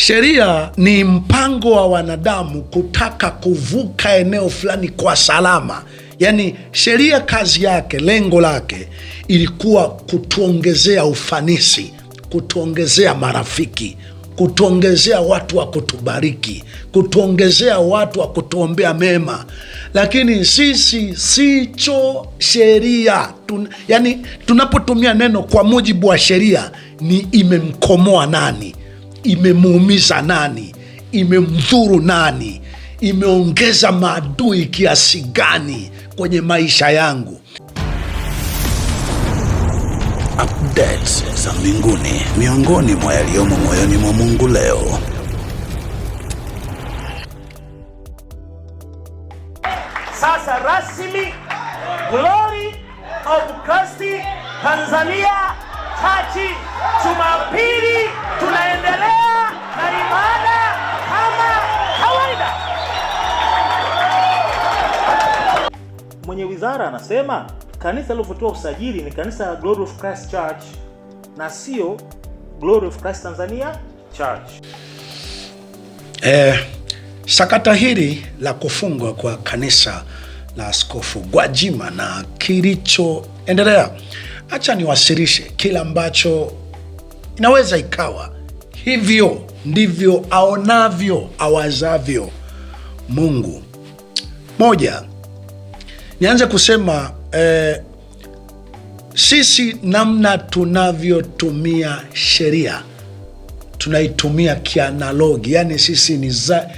Sheria ni mpango wa wanadamu kutaka kuvuka eneo fulani kwa salama. Yaani sheria kazi yake, lengo lake ilikuwa kutuongezea ufanisi, kutuongezea marafiki, kutuongezea watu wa kutubariki, kutuongezea watu wa kutuombea mema. Lakini sisi sicho sheria Tun, yaani tunapotumia neno kwa mujibu wa sheria ni imemkomoa nani? imemuumiza nani, imemdhuru nani, imeongeza maadui kiasi gani kwenye maisha yangu. Updates za mbinguni, miongoni mwa yaliyomo moyoni mwa Mungu leo. Sasa rasmi Glory of Christ Tanzania Church, Jumapili tunaendelea mwenye wizara anasema kanisa lilofutua usajili ni kanisa la Glory of Christ Church na sio Glory of Christ Tanzania Church. Eh, sakata hili la kufungwa kwa kanisa la Askofu Gwajima na kilichoendelea, acha niwasilishe kila ambacho inaweza ikawa hivyo ndivyo aonavyo awazavyo Mungu. Moja, nianze kusema eh, sisi namna tunavyotumia sheria tunaitumia kianalogi, yani sisi ni za,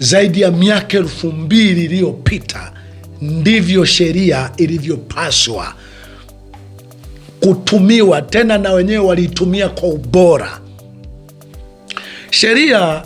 zaidi ya miaka elfu mbili iliyopita ndivyo sheria ilivyopaswa kutumiwa, tena na wenyewe waliitumia kwa ubora sheria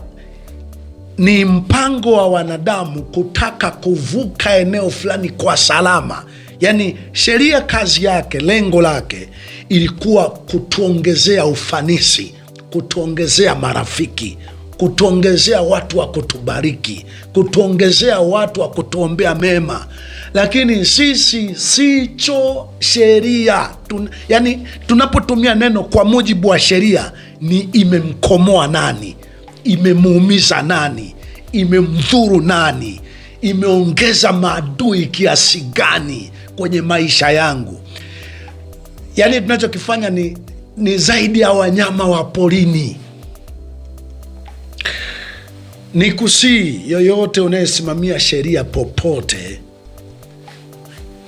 ni mpango wa wanadamu kutaka kuvuka eneo fulani kwa salama. Yaani sheria kazi yake, lengo lake ilikuwa kutuongezea ufanisi, kutuongezea marafiki, kutuongezea watu wa kutubariki, kutuongezea watu wa kutuombea mema, lakini sisi sicho sheria Tun, yani tunapotumia neno kwa mujibu wa sheria ni imemkomoa nani? imemuumiza nani, imemdhuru nani, imeongeza maadui kiasi gani kwenye maisha yangu. Yaani tunachokifanya ni, ni zaidi ya wanyama wa porini. Ni kusii yoyote unayesimamia sheria popote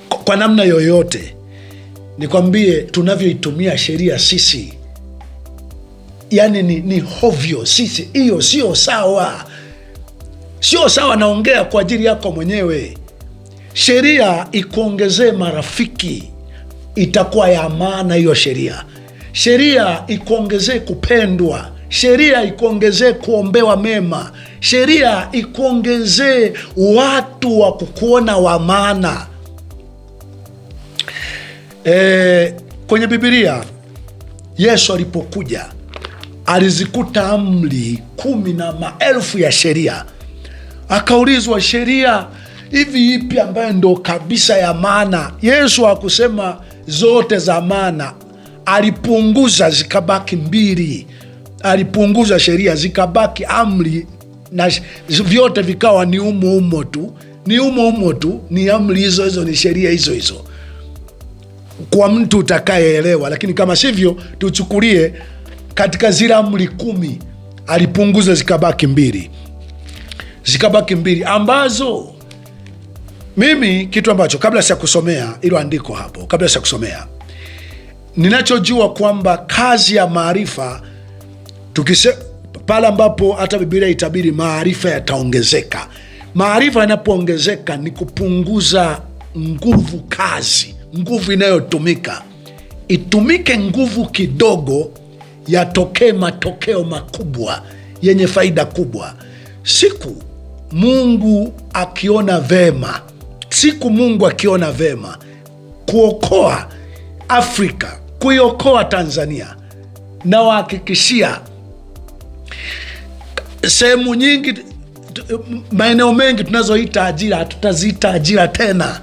kwa namna yoyote, nikwambie tunavyoitumia sheria sisi yani ni, ni hovyo. Sisi hiyo sio sawa, sio sawa. Naongea kwa ajili yako mwenyewe. Sheria ikuongezee marafiki, itakuwa ya maana hiyo sheria. Sheria ikuongezee kupendwa sheria ikuongezee kuombewa mema, sheria ikuongezee watu wa kukuona wa maana. E, kwenye Bibilia Yesu alipokuja alizikuta amri kumi na maelfu ya sheria. Akaulizwa, sheria hivi ipi ambayo ndo kabisa ya maana? Yesu hakusema zote za maana, alipunguza zikabaki mbili. Alipunguza sheria zikabaki amri, na vyote vikawa ni umo umo tu, ni umo umo tu, ni amri hizo hizo, ni sheria hizo hizo, kwa mtu utakayeelewa. Lakini kama sivyo, tuchukulie katika zile amri kumi alipunguza zikabaki mbili, zikabaki mbili ambazo mimi kitu ambacho kabla sija kusomea ilo andiko hapo, kabla sija kusomea ninachojua kwamba kazi ya maarifa tukise pale ambapo hata Biblia itabiri maarifa yataongezeka. Maarifa yanapoongezeka ni kupunguza nguvu kazi, nguvu inayotumika itumike nguvu kidogo yatokee matokeo makubwa yenye faida kubwa. Siku Mungu akiona vema, siku Mungu akiona vema kuokoa Afrika, kuiokoa Tanzania, nawahakikishia sehemu nyingi, maeneo mengi tunazoita ajira hatutaziita ajira tena,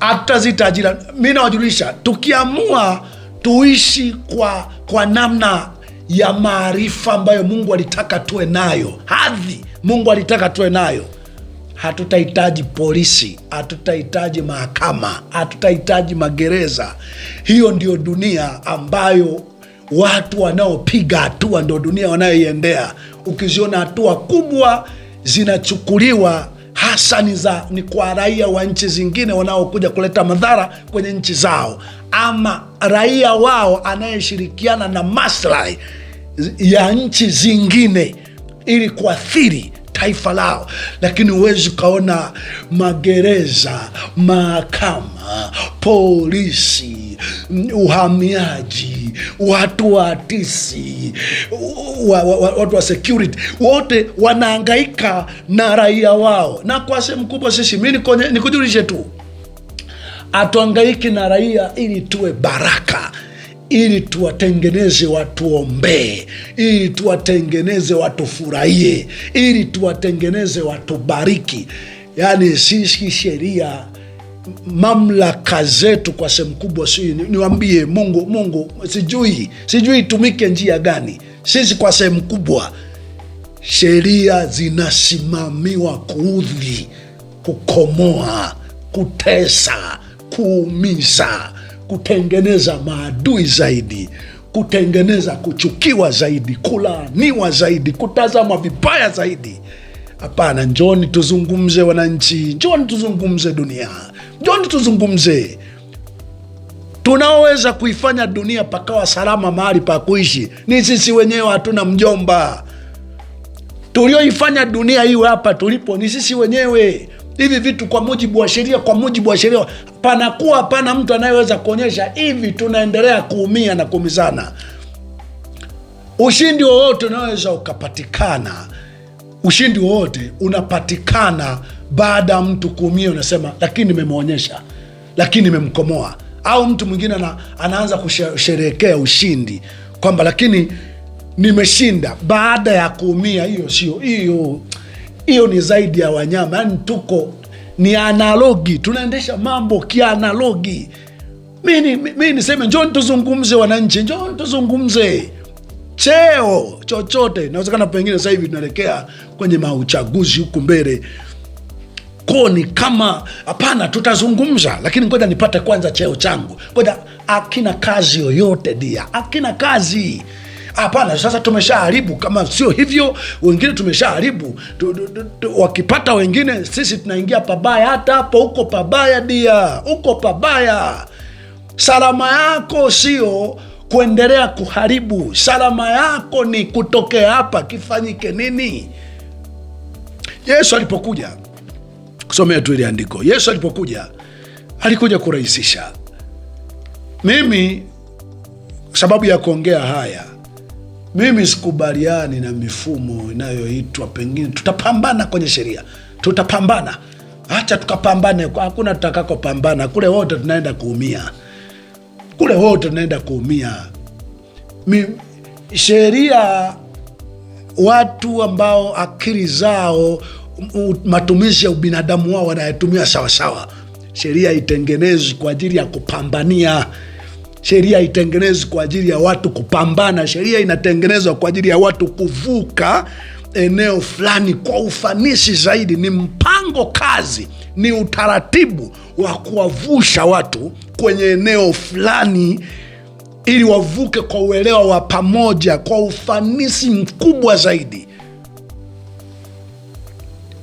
hatutaziita ajira. Mi nawajulisha tukiamua tuishi kwa, kwa namna ya maarifa ambayo Mungu alitaka tuwe nayo, hadhi Mungu alitaka tuwe nayo. Hatutahitaji polisi, hatutahitaji mahakama, hatutahitaji magereza. Hiyo ndio dunia ambayo watu wanaopiga hatua ndio dunia wanayoiendea. Ukiziona hatua kubwa zinachukuliwa hasa ni za ni kwa raia wa nchi zingine wanaokuja kuleta madhara kwenye nchi zao, ama raia wao anayeshirikiana na maslahi ya nchi zingine ili kuathiri taifa lao. Lakini huwezi ukaona magereza, mahakama, polisi uhamiaji, watu wa tisi, wa, wa, watu wa security wote wanaangaika na raia wao, na kwa sehemu kubwa sisi, mi nikujulishe tu, hatuangaiki na raia ili tuwe baraka ili tuwatengeneze watuombee, ili tuwatengeneze watufurahie, ili tuwatengeneze watubariki. Yaani sisi sheria mamlaka zetu kwa sehemu kubwa, si niwambie, Mungu Mungu sijui sijui itumike njia gani. Sisi kwa sehemu kubwa sheria zinasimamiwa kuudhi, kukomoa, kutesa, kuumiza, kutengeneza maadui zaidi, kutengeneza kuchukiwa zaidi, kulaaniwa zaidi, kutazamwa vibaya zaidi. Hapana, njoni tuzungumze wananchi, njoni tuzungumze dunia, njoni tuzungumze tunaoweza kuifanya dunia pakawa salama mahali pa kuishi ni sisi wenyewe. Hatuna mjomba. Tulioifanya dunia hiyo hapa tulipo ni sisi wenyewe. Hivi vitu kwa mujibu wa sheria, kwa mujibu wa sheria, panakuwa pana mtu anayeweza kuonyesha hivi. Tunaendelea kuumia na kuumizana. Ushindi wowote unaweza ukapatikana ushindi wowote unapatikana baada ya mtu kuumia, unasema lakini nimemwonyesha, lakini nimemkomoa. Au mtu mwingine ana, anaanza kusherehekea ushindi kwamba lakini nimeshinda baada ya kuumia. Hiyo sio hiyo, hiyo ni zaidi ya wanyama. Yani tuko ni analogi, tunaendesha mambo kianalogi. Mi niseme njoni tuzungumze, wananchi, njoni tuzungumze cheo chochote. Inawezekana pengine sasa hivi tunaelekea kwenye mauchaguzi huku mbele koni kama hapana, tutazungumza lakini ngoja nipate kwanza cheo changu. Ngoja akina kazi yoyote dia, akina kazi hapana. Sasa tumeshaharibu, kama sio hivyo wengine tumeshaharibu, wakipata wengine, sisi tunaingia pabaya. Hata hapo huko pabaya dia, huko pabaya. Salama yako sio kuendelea kuharibu. Salama yako ni kutokea hapa, kifanyike nini? Yesu alipokuja, kusomea tu ile andiko, Yesu alipokuja alikuja kurahisisha. Mimi sababu ya kuongea haya, mimi sikubaliani na mifumo inayoitwa pengine, tutapambana kwenye sheria, tutapambana, hacha tukapambane, hakuna tutakakopambana kule, wote tunaenda kuumia kule wote tunaenda kuumia. Sheria, watu ambao akili zao matumizi ya ubinadamu wao wanayatumia sawasawa. Sheria itengenezwi kwa ajili ya kupambania sheria itengenezwi kwa ajili ya watu kupambana. Sheria inatengenezwa kwa ajili ya watu kuvuka eneo fulani kwa ufanisi zaidi. Ni mpango kazi, ni utaratibu wa kuwavusha watu kwenye eneo fulani ili wavuke kwa uelewa wa pamoja, kwa ufanisi mkubwa zaidi.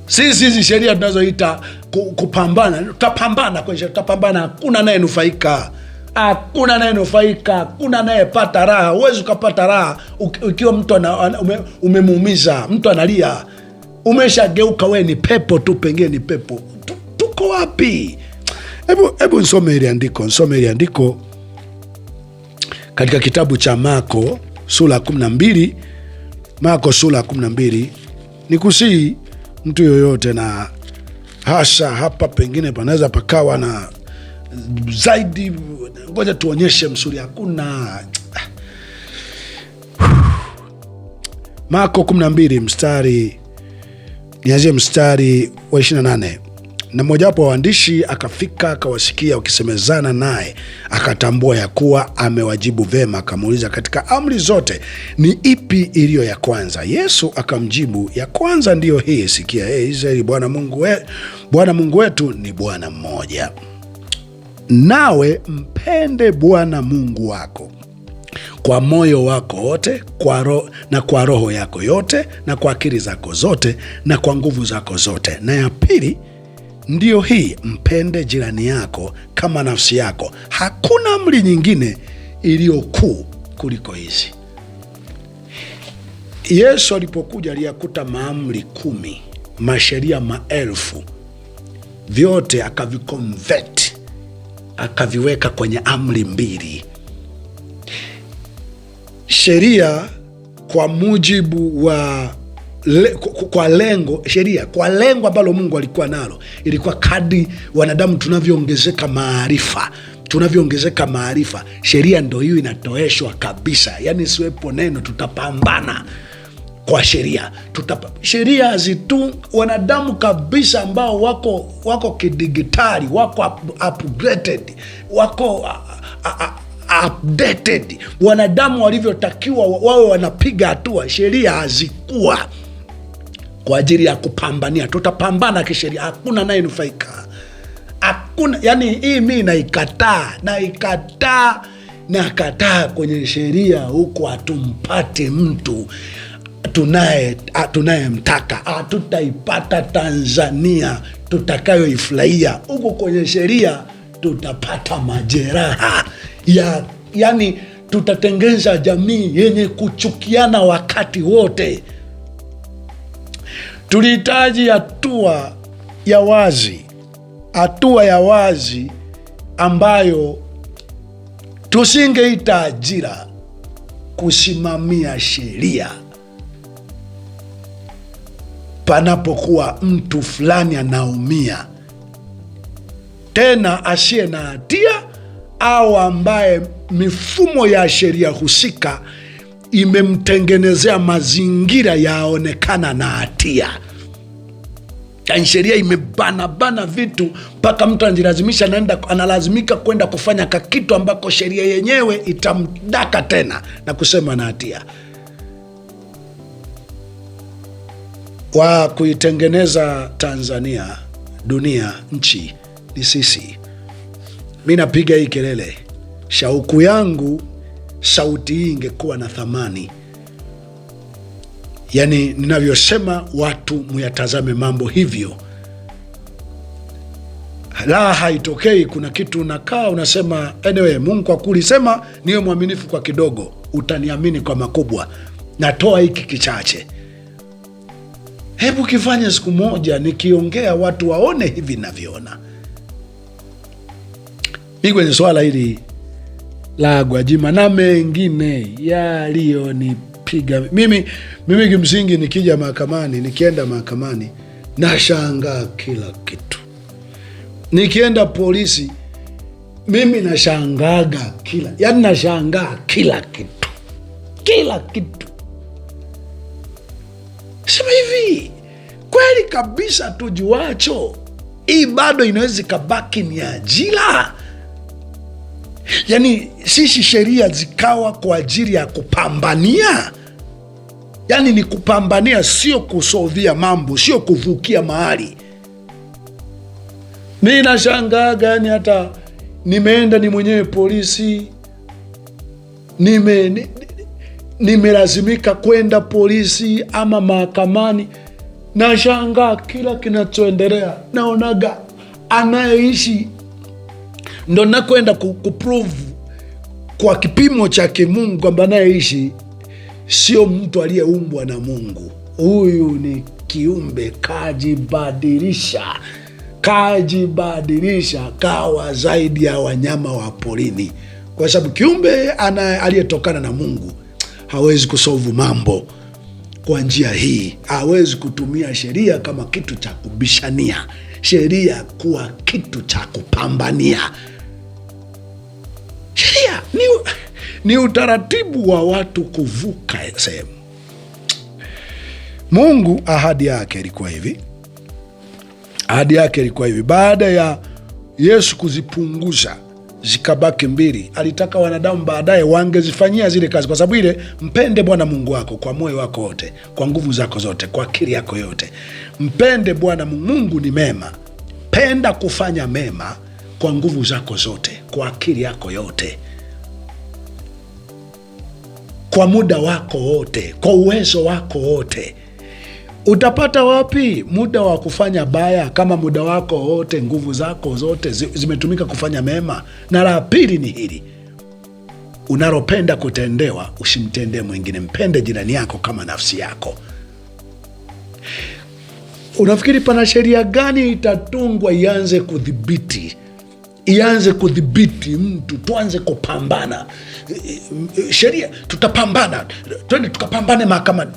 Sisi hizi sheria tunazoita kupambana, tutapambana kwenye sheria, tutapambana. Hakuna naye nufaika hakuna anayenufaika, hakuna anayepata raha. Huwezi ukapata raha ukiwa mtu umemuumiza, ume mtu analia, umeshageuka wee, ni pepo tu, pengine ni pepo. Tuko wapi? Hebu hebu nsome hili andiko, nsome hili andiko katika kitabu cha Marko sura ya mbili Marko sura ya ni Nikusii mtu yoyote, na hasa hapa pengine panaweza pakawa na zaidi, ngoja tuonyeshe msuri. Hakuna Marko 12 mstari nianzie mstari wa 28 na mmojawapo wa waandishi akafika akawasikia wakisemezana naye, akatambua ya kuwa amewajibu vema, akamuuliza, katika amri zote ni ipi iliyo ya kwanza? Yesu akamjibu, ya kwanza ndiyo hii, sikia ee Israeli, Bwana Mungu, we, Bwana Mungu wetu ni Bwana mmoja nawe mpende Bwana Mungu wako kwa moyo wako wote kwa ro, na kwa roho yako yote na kwa akili zako zote na kwa nguvu zako zote. Na ya pili ndiyo hii, mpende jirani yako kama nafsi yako. Hakuna amri nyingine iliyokuu kuliko hizi. Yesu alipokuja aliyakuta maamri kumi, masheria maelfu, vyote akavikonveti akaviweka kwenye amri mbili. Sheria kwa mujibu wa le, kwa lengo sheria kwa lengo ambalo Mungu alikuwa nalo, ilikuwa kadri wanadamu tunavyoongezeka maarifa tunavyoongezeka maarifa, sheria ndo hiyo inatoeshwa kabisa, yaani siwepo neno, tutapambana kwa sheria sheria zitu wanadamu kabisa ambao wako wako kidigitali wako up, upgraded, wako uh, uh, updated wanadamu walivyotakiwa wawe wanapiga hatua. Sheria hazikuwa kwa ajili ya kupambania. Tutapambana kisheria, hakuna nayenufaika, hakuna yani. Hii mi naikataa, naikataa, nakataa kwenye sheria, huku hatumpati mtu tunaye ah, tunayemtaka hatutaipata Tanzania tutakayoifurahia. Huku kwenye sheria tutapata majeraha ya, yani tutatengeza jamii yenye kuchukiana wakati wote. Tulihitaji hatua ya wazi, hatua ya wazi ambayo tusingeita ajira, kusimamia sheria panapokuwa mtu fulani anaumia, tena asiye na hatia au ambaye mifumo ya sheria husika imemtengenezea mazingira yaonekana na hatia. Yani sheria imebanabana vitu mpaka mtu anajilazimisha anaenda, analazimika kwenda kufanya kakitu ambako sheria yenyewe itamdaka tena na kusema na hatia. wa kuitengeneza Tanzania, dunia, nchi ni sisi. Mi napiga hii kelele, shauku yangu sauti hii ingekuwa na thamani. Yani ninavyosema watu muyatazame mambo hivyo, la haitokei. Kuna kitu unakaa unasema, anyway, Mungu akulisema niwe mwaminifu kwa kidogo, utaniamini kwa makubwa. Natoa hiki kichache hebu kifanye siku moja, nikiongea watu waone hivi navyoona. Mi kwenye swala hili la Gwajima na mengine yaliyonipiga mimi, mimi kimsingi, nikija mahakamani, nikienda mahakamani nashangaa kila kitu, nikienda polisi mimi nashangaga kila yani, nashangaa kila kitu, kila kitu. Sema hivi kweli kabisa tujuacho, hii bado inaweza ikabaki ni ajira. Yaani sisi sheria zikawa kwa ajili ya kupambania, yaani ni kupambania, sio kusodhia mambo, sio kuvukia mahali. Mi nashangaa gani, hata nimeenda ni mwenyewe polisi, nimelazimika nime, nime kwenda polisi ama mahakamani Nashangaa kila kinachoendelea, naonaga anayeishi ndo nakwenda kuprove kwa kipimo cha kimungu kwamba anayeishi sio mtu aliyeumbwa na Mungu. Huyu ni kiumbe kajibadilisha, kajibadilisha kawa zaidi ya wanyama wa porini, kwa sababu kiumbe aliyetokana na Mungu hawezi kusovu mambo kwa njia hii. Hawezi kutumia sheria kama kitu cha kubishania, sheria kuwa kitu cha kupambania. Sheria ni, ni utaratibu wa watu kuvuka sehemu. Mungu ahadi yake ilikuwa hivi, ahadi yake ilikuwa hivi, baada ya Yesu kuzipunguza zikabaki mbili. Alitaka wanadamu baadaye wangezifanyia zile kazi, kwa sababu ile, mpende Bwana Mungu wako kwa moyo wako wote, kwa nguvu zako zote, kwa akili yako yote. Mpende Bwana Mungu, ni mema. Penda kufanya mema kwa nguvu zako zote, kwa akili yako yote, kwa muda wako wote, kwa uwezo wako wote. Utapata wapi muda wa kufanya baya kama muda wako wote, nguvu zako zote zimetumika kufanya mema? Na la pili ni hili, unalopenda kutendewa usimtendee mwingine, mpende jirani yako kama nafsi yako. Unafikiri pana sheria gani itatungwa ianze kudhibiti ianze kudhibiti mtu? Tuanze kupambana sheria, tutapambana, twende tukapambane mahakamani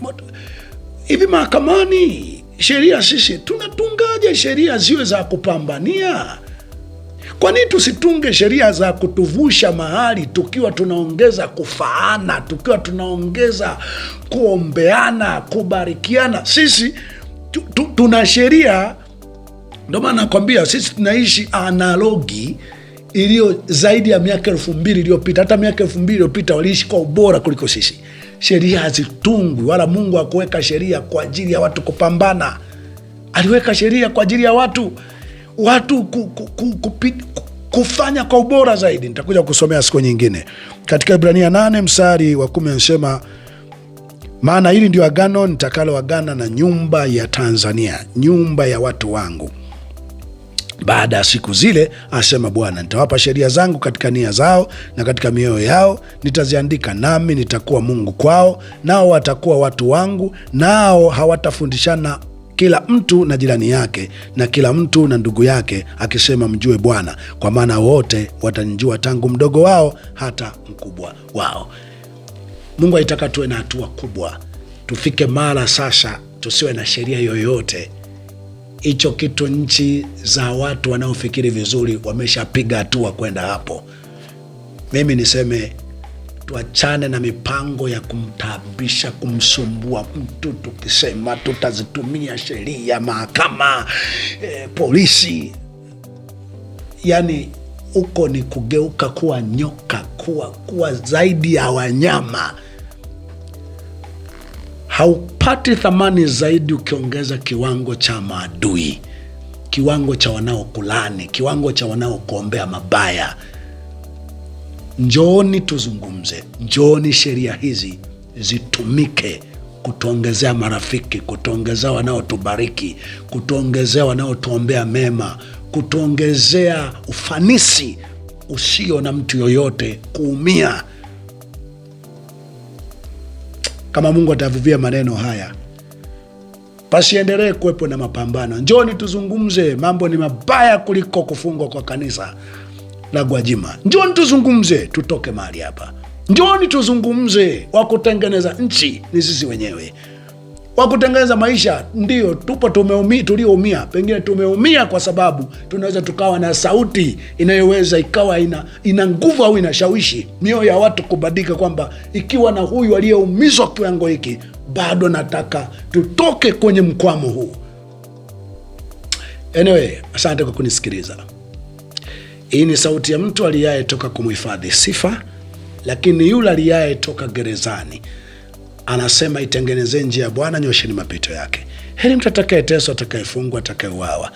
hivi mahakamani, sheria sisi tunatungaje sheria ziwe za kupambania? Kwa nini tusitunge sheria za kutuvusha mahali, tukiwa tunaongeza kufaana, tukiwa tunaongeza kuombeana, kubarikiana? Sisi tu, tu, tuna sheria. Ndio maana nakwambia sisi tunaishi analogi iliyo zaidi ya miaka elfu mbili iliyopita. Hata miaka elfu mbili iliyopita waliishi kwa ubora kuliko sisi sheria hazitungwi, wala Mungu hakuweka sheria kwa ajili ya watu kupambana. Aliweka sheria kwa ajili ya watu watu ku, ku, ku, kupi, kufanya kwa ubora zaidi. Nitakuja kusomea siku nyingine katika Ibrania nane mstari wa kumi anasema maana hili ndio agano nitakaloagana na nyumba ya Tanzania, nyumba ya watu wangu baada ya siku zile asema Bwana, nitawapa sheria zangu katika nia zao na katika mioyo yao nitaziandika, nami nitakuwa Mungu kwao, nao watakuwa watu wangu, nao hawatafundishana kila mtu na jirani yake na kila mtu na ndugu yake, akisema, mjue Bwana, kwa maana wote watanijua, tangu mdogo wao hata mkubwa wao. Mungu aitaka tuwe na hatua kubwa, tufike mara sasa tusiwe na sheria yoyote hicho kitu, nchi za watu wanaofikiri vizuri wameshapiga hatua kwenda hapo. Mimi niseme tuachane na mipango ya kumtabisha kumsumbua mtu, tukisema tutazitumia sheria, mahakama, eh, polisi. Yani huko ni kugeuka kuwa nyoka, kuwa kuwa zaidi ya wanyama haupati thamani zaidi ukiongeza kiwango cha maadui, kiwango cha wanaokulani, kiwango cha wanaokuombea mabaya. Njooni tuzungumze, njooni sheria hizi zitumike kutuongezea marafiki, kutuongezea wanaotubariki, kutuongezea wanaotuombea mema, kutuongezea ufanisi usio na mtu yoyote kuumia kama Mungu atavuvia maneno haya, pasiendelee kuwepo na mapambano. Njoni tuzungumze, mambo ni mabaya kuliko kufungwa kwa kanisa la Gwajima. Njoni tuzungumze, tutoke mahali hapa. Njoni tuzungumze, wa kutengeneza nchi ni sisi wenyewe wa kutengeneza maisha. Ndio tupo tumeumia, tulioumia pengine tumeumia kwa sababu tunaweza tukawa na sauti inayoweza ikawa ina ina nguvu au inashawishi mioyo ya watu kubadilika, kwamba ikiwa na huyu aliyeumizwa kiwango hiki, bado nataka tutoke kwenye mkwamo huu. Anyway, asante kwa kunisikiliza. Hii ni sauti ya mtu aliyayetoka kumhifadhi sifa, lakini yule aliyayetoka gerezani anasema itengeneze njia ya Bwana, nyosheni mapito yake. Heri mtu atakayeteswa, atakayefungwa, atakayeuawa,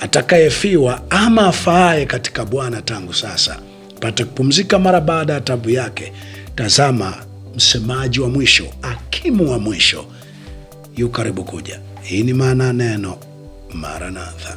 atakayefiwa ama afaaye katika Bwana tangu sasa, pate kupumzika mara baada ya tabu yake. Tazama, msemaji wa mwisho, akimu wa mwisho yu karibu kuja. Hii ni maana neno Maranatha.